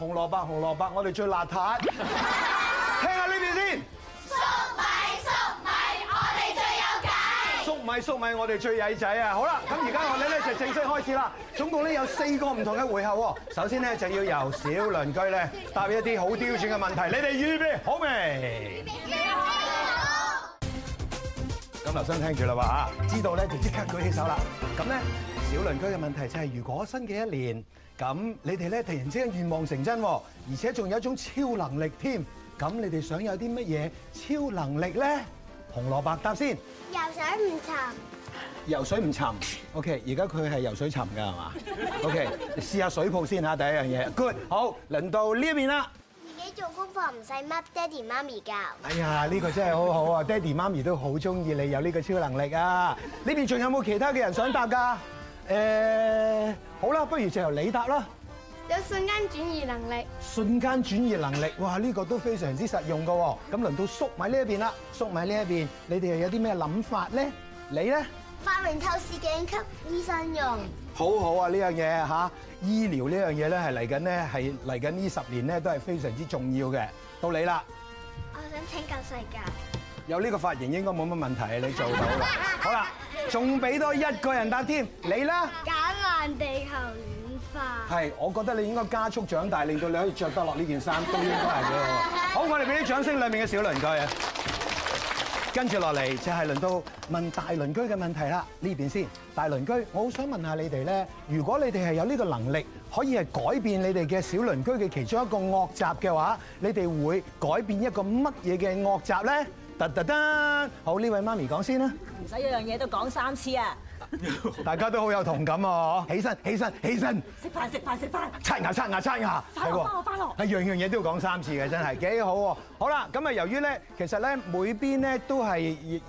紅蘿蔔，紅蘿蔔，我哋最邋遢。 聽下呢邊先。粟米，粟米，我哋最有計。粟米，粟米，我哋最曳仔啊！好啦，咁而家我哋咧就正式開始啦。總共咧有四個唔同嘅回合喎。 首先咧就要由小鄰居咧答一啲好刁鑽嘅問題。 你哋預備好未？ 咁留心聽住啦，哇嚇知道咧就即刻舉起手啦。咁咧，小鄰居嘅問題就係，如果新嘅一年，咁你哋咧突然之間願望成真，而且仲有一種超能力添。咁你哋想有啲乜嘢超能力咧？紅蘿蔔答先。游水唔沉。游水唔沉。OK，而家佢係游水沉㗎係嘛？OK，試下水泡先嚇，第一樣嘢。Good，好，輪到呢一邊啦。做功課唔使乜爹哋媽咪教。爸爸媽媽哎呀，呢、這個真係好好啊！爹哋媽咪都好中意你有呢個超能力啊！呢邊仲有冇其他嘅人想答噶？誒、嗯，好啦，不如就由你答啦。有瞬間轉移能力。瞬間轉移能力，哇！呢、這個都非常之實用噶。咁輪到粟米呢一邊啦，粟米呢一邊，你哋又有啲咩諗法咧？你咧？發明透視鏡給醫生用。好好啊，呢樣嘢吓。啊醫療，呢樣嘢咧，係嚟緊咧，係嚟緊呢十年咧，都係非常之重要嘅。到你啦。我想拯救世界。有呢個髮型應該冇乜問題，你做到。 好啦，仲俾多一個人答添， 你啦呢。減慢地球暖化。係，我覺得你應該加速長大，令到你可以着得落呢件衫都應該係嘅。 好，我哋俾啲掌聲裡，裏面嘅小鄰居啊！跟住落嚟就係輪到問大鄰居嘅問題啦，呢邊先。大鄰居，我好想問下你哋咧，如果你哋係有呢個能力，可以係改變你哋嘅小鄰居嘅其中一個惡習嘅話，你哋會改變一個乜嘢嘅惡習咧？得得得，好，呢位媽咪講先啦。唔使一樣嘢都講三次啊！ 大家都好有同感啊！起身，起身，起身，食飯，食飯，食飯，刷牙，刷牙，刷牙，翻我翻我翻落，係樣樣嘢都要講三次嘅，真係幾好喎！好啦，咁啊，由於咧，其實咧，每邊咧都係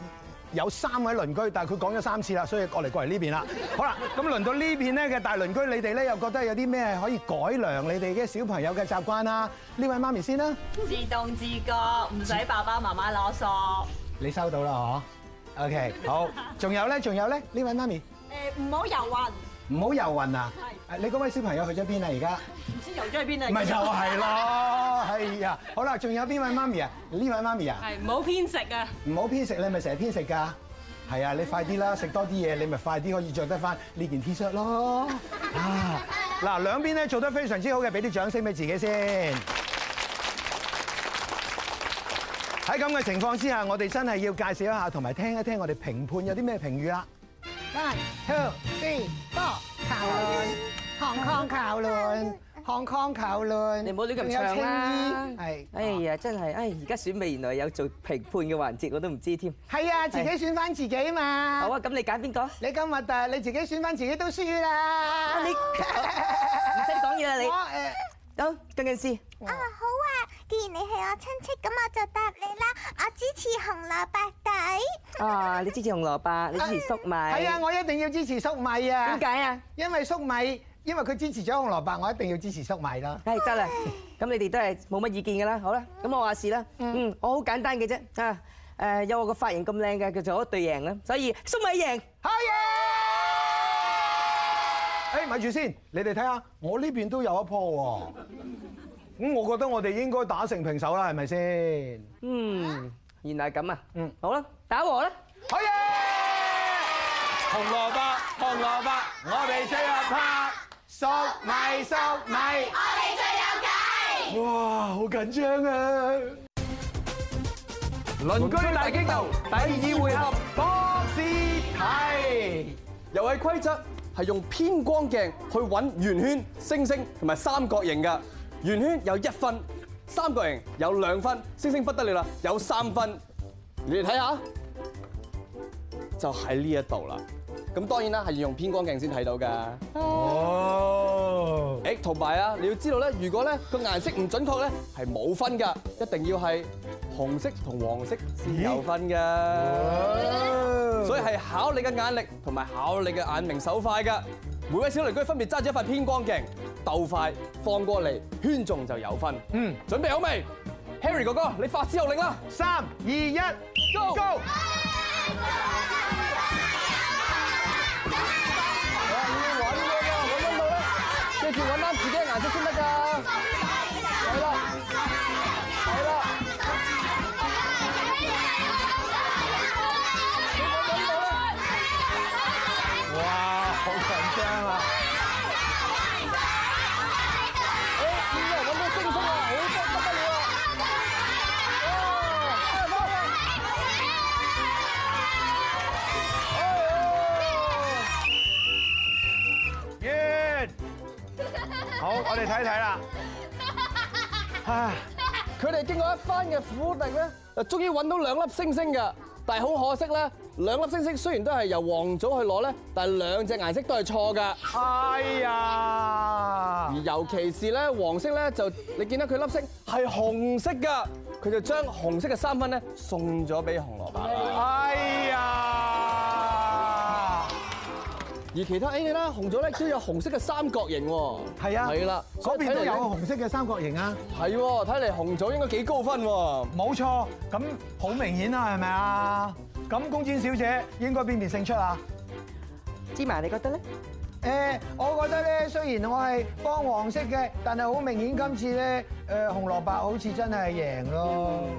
有三位鄰居，但係佢講咗三次啦，所以過嚟過嚟呢邊啦。好啦，咁輪到呢邊咧嘅大鄰居，你哋咧又覺得有啲咩可以改良你哋嘅小朋友嘅習慣啊？呢位媽咪先啦，自動自覺，唔使自爸爸媽媽囉嗦，你收到啦，嗬。O Okay , K， 好，仲有咧，仲有咧，呢位媽咪，誒唔好遊魂，唔好遊魂啊！係，誒你嗰位小朋友去咗邊啊？而家唔知遊咗去邊啊？唔係 就係咯，係啊！好啦，仲有邊位媽咪啊？呢 位媽咪啊，係唔好偏食啊！唔好偏食，你咪成日偏食㗎？係啊， 你快啲啦，食多啲嘢，你咪快啲可以着得返呢件 T-shirt 咯！啊，嗱，兩邊咧做得非常之好嘅，俾啲掌聲俾自己先。喺咁嘅情況之下，我哋真係要介紹一下，同埋聽一聽我哋評判有啲咩評語啦。One, two, three, four！討論，Hong Kong 討論，Hong Kong 討論。你唔好亂咁唱啦。係。哎呀，真係，哎，而家選美原來有做評判嘅環節，我都唔知添。係啊，自己選翻自己嘛。好啊，咁你揀邊個？你今日誒你自己選翻自己都輸啦。你唔使講嘢啦你。我誒。好，靜靜思。啊好。既然你係我親戚，咁我就答你啦。我支持紅蘿蔔底。啊，你支持紅蘿蔔，你支持粟米。係啊，我一定要支持粟米啊。點解啊？因為粟米，因為佢支持咗紅蘿蔔，我一定要支持粟米啦。係得啦，咁你哋都係冇乜意見㗎啦。好啦，咁我話事啦。嗯，我好簡單嘅啫。啊，誒，有我個髮型咁靚嘅，佢就可對贏啦。所以粟米贏。好嘢！誒，咪住先，你哋睇下，我呢邊都有一棵喎。咁我覺得我哋應該打成平手啦，係咪先？嗯，原來係咁啊。嗯，好啦，打和啦，可以。紅蘿蔔，紅蘿蔔，我哋最有拍。粟米，粟米，我哋最有計。哇，好緊張啊！鄰居大激鬥第二回合波斯提。遊戲規則係用偏光鏡去揾圓圈、星星同埋三角形㗎。圓圈有一分，三角形有兩分，星星不得了啦，有三分。你哋睇下，就喺呢一度啦。咁當然啦，係要用偏光鏡先睇到噶。哦。誒，同埋啊，你要知道咧，如果咧個顏色唔準確咧，係冇分噶，一定要係紅色同黃色先有分噶。所以係考你嘅眼力同埋考你嘅眼明手快噶。每位小鄰居分別揸住一塊偏光鏡。鬥快放過嚟，圈中就有分。嗯，準備好未？Harry 哥哥，你發施號令啦！三、二、一，Go！我要佢！自己嘅顏色先得㗎你睇睇啦，佢哋 經過一番嘅苦力咧，就終於揾到兩粒星星噶。但係好可惜咧，兩粒星星雖然都係由黃組去攞咧，但係兩隻顏色都係錯噶。哎啊呀，而尤其是咧，黃色咧就你見到佢粒星係紅色噶，佢就將紅色嘅三分咧送咗俾紅蘿蔔。哎啊呀。哎而其他 A 啦，紅組咧都有紅色嘅三角形喎。係啊，係啦了，嗰邊都有紅色嘅三角形啊。係喎，睇嚟紅組應該幾高分喎。冇錯，咁好明顯啦，係咪啊？咁公孫小姐應該邊邊勝出啊？芝麻，你覺得咧？誒、呃，我覺得咧，雖然我係幫黃色嘅，但係好明顯今次咧，誒、呃、紅蘿蔔好似真係贏咯。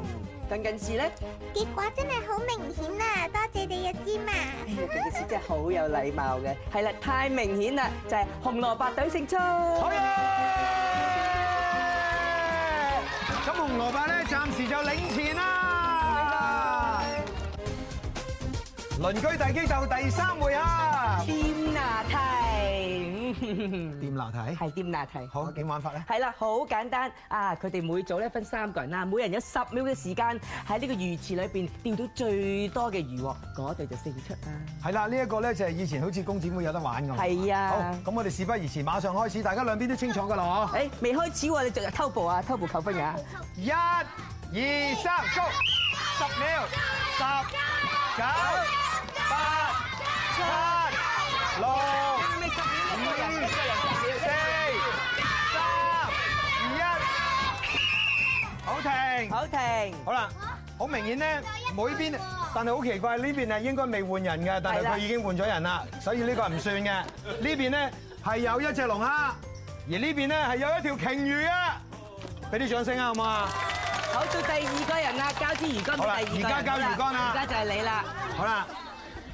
講緊事咧，結果真係好明顯啊！多謝李一枝嘛，李一枝真係好有禮貌嘅。係啦，太明顯啦，就係紅蘿蔔隊勝出。好，咁紅蘿蔔咧，暫時就領錢啦。鄰居大激鬥第三回啊！天啊，太～釣難題係釣難題，好，點玩法咧？係啦，好簡單啊！佢哋每組咧分三個人啊，每人有十秒嘅時間喺呢個魚池裏邊釣到最多嘅魚獲，嗰隊就勝出啊！係啦，呢一個咧就係以前好似公子妹有得玩咁。係啊，好，咁我哋事不宜遲，馬上開始，大家兩邊都清楚噶啦，嗬？誒，未開始喎，你仲有偷步啊？偷步扣分嘅。一、二、三、共十秒，十、九、八、七、六。四、三、二、一，好停，好停，好啦，好明顯咧，每邊，但係好奇怪呢邊係應該未換人嘅，但係佢已經換咗人啦，所以呢個唔算嘅。呢邊咧係有一隻龍蝦，而呢邊咧係有一條鯨魚啊！俾啲掌聲啊，好唔好啊？好，到第二個人啦，交支魚竿，而家交魚竿啦，而家就係你啦。好啦。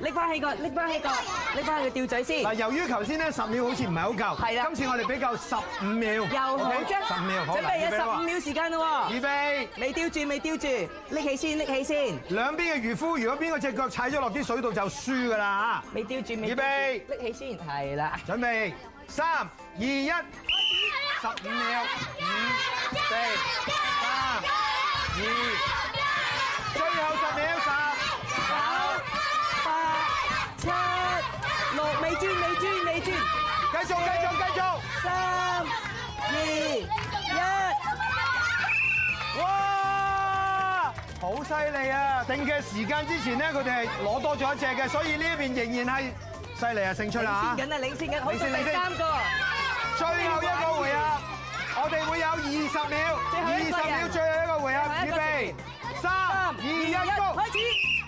拎翻起個，拎翻起個，拎翻起個吊嘴先。嗱，由於頭先咧十秒好似唔係好夠，今次我哋比較十五秒。又好，十五秒好。準備十五秒時間咯。預備。未吊住，未吊住，拎起先，拎起先。兩邊嘅漁夫，如果邊個隻腳踩咗落啲水度就輸㗎啦嚇。未吊住，預備。拎起先。係啦。準備，三、二、一，十五秒。五、四、三、二、一，最後十秒，十、九。繼續繼續繼續，三二一，哇，好犀利啊！定嘅時間之前咧，佢哋係攞多咗一隻嘅，所以呢一邊仍然係犀利啊，勝出啦嚇！領先緊啊，領先緊，好，第三個，最後一個回合，我哋會有二十秒，二十秒，最後一個回合，準備，三二一，高，開始。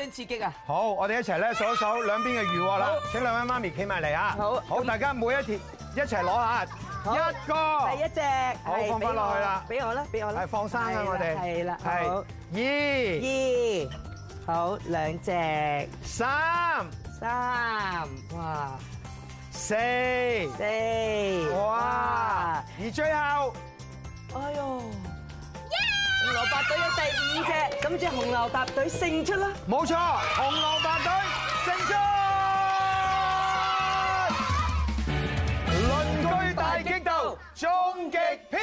真刺激啊！好，我哋一齊咧數一數兩邊嘅魚獲啦。請兩位媽咪企埋嚟啊！好，好，大家每一條一齊攞下，一個，第一隻，好，放翻落去啦。俾我啦，俾我啦，係放生啊！我哋係啦，係二二，好兩隻，三三，哇，四四，哇，而最後，哎呦。蘿蔔隊有第五隻，咁即係紅蘿蔔隊勝出啦！冇錯，紅蘿蔔隊勝出。鄰居大激鬥終極篇，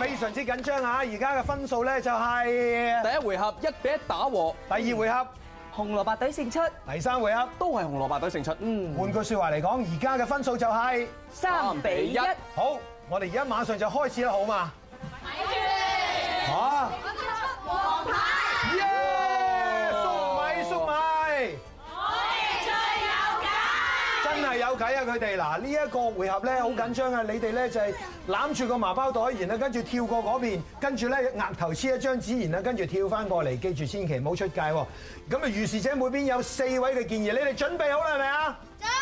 非常之緊張啊！而家嘅分數咧就係第一回合一比一打和，第二回合紅蘿蔔隊勝出，第三回合都係紅蘿蔔隊勝出。嗯，換句說話嚟講，而家嘅分數就係三比一。好。我哋而家馬上就開始啦，好嘛？睇住嚇，嗰啲、啊、出王牌，耶！粟米粟米，米我哋最有計，真係有計啊！佢哋嗱呢一個回合咧好緊張啊！嗯、你哋咧就係攬住個麻包袋然後，跟住跳過嗰邊，跟住咧額頭黐一張紙然後，跟住跳翻過嚟，記住千祈唔好出界喎！咁啊，預示者每邊有四位嘅健兒，你哋準備好了係咪啊？是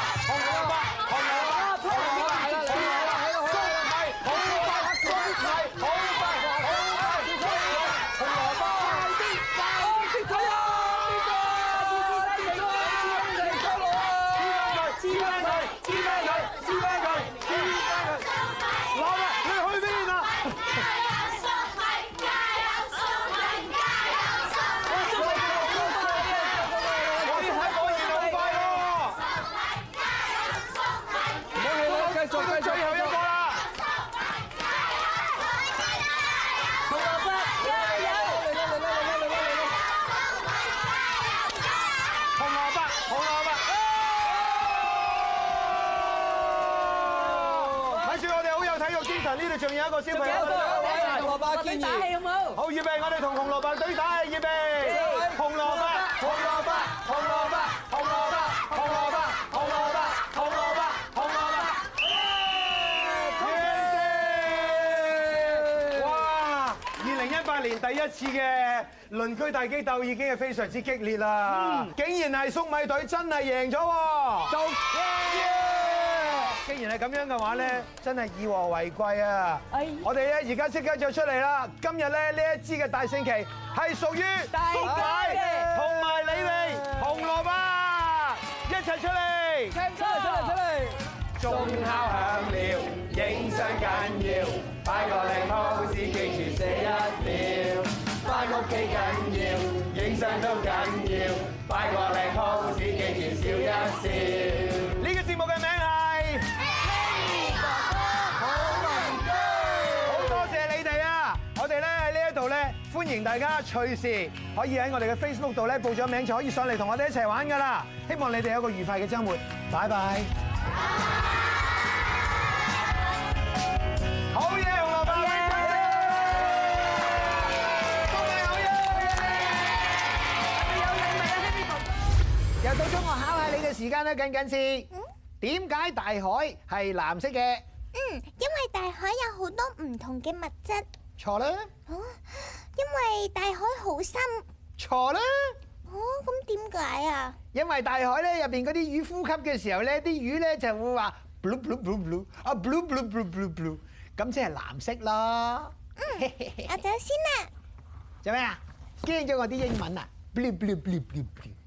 打氣好冇，好預備！我哋同紅蘿蔔對打，預備！紅蘿蔔，紅蘿蔔，紅蘿蔔，紅蘿蔔，紅蘿蔔，紅蘿蔔，紅蘿蔔，紅蘿蔔，耶！哇！二零一八年第一次嘅鄰居大激鬥已經係非常之激烈啦，竟然係粟米隊真係贏咗喎！就贏！既然係咁樣嘅話咧，真係以和為貴啊！我哋咧而家即刻就出嚟啦！今日咧呢一支嘅大聖旗係屬於粟仔同埋李力紅蘿蔔一齊出嚟！出嚟出嚟出嚟！鐘敲響了，影相緊要，擺個靚 pose 記住寫一秒，返屋企緊要，影相都緊要，擺個靚 pose 記住笑一笑。喺度咧，歡迎大家隨時可以喺我哋嘅 Facebook 度咧報咗名，就可以上嚟同我哋一齊玩噶啦！希望你哋有個愉快嘅週末，拜拜！好嘢，我哋班嘅，大家好嘢，係咪有禮物咧？又到中學考下你嘅時間啦，近近先。點解大海係藍色嘅？嗯，因為大海有好多唔同嘅物質。錯啦，因為大海好深。錯啦，哦，咁點解啊？因為大海咧入邊嗰啲魚呼吸嘅時候咧，啲魚咧就會話 blue blue blue blue，啊 blue blue blue blue blue，咁即係藍色咯。嗯，阿仔先啦。做咩啊？驚咗我啲英文啊？blue blue blue blue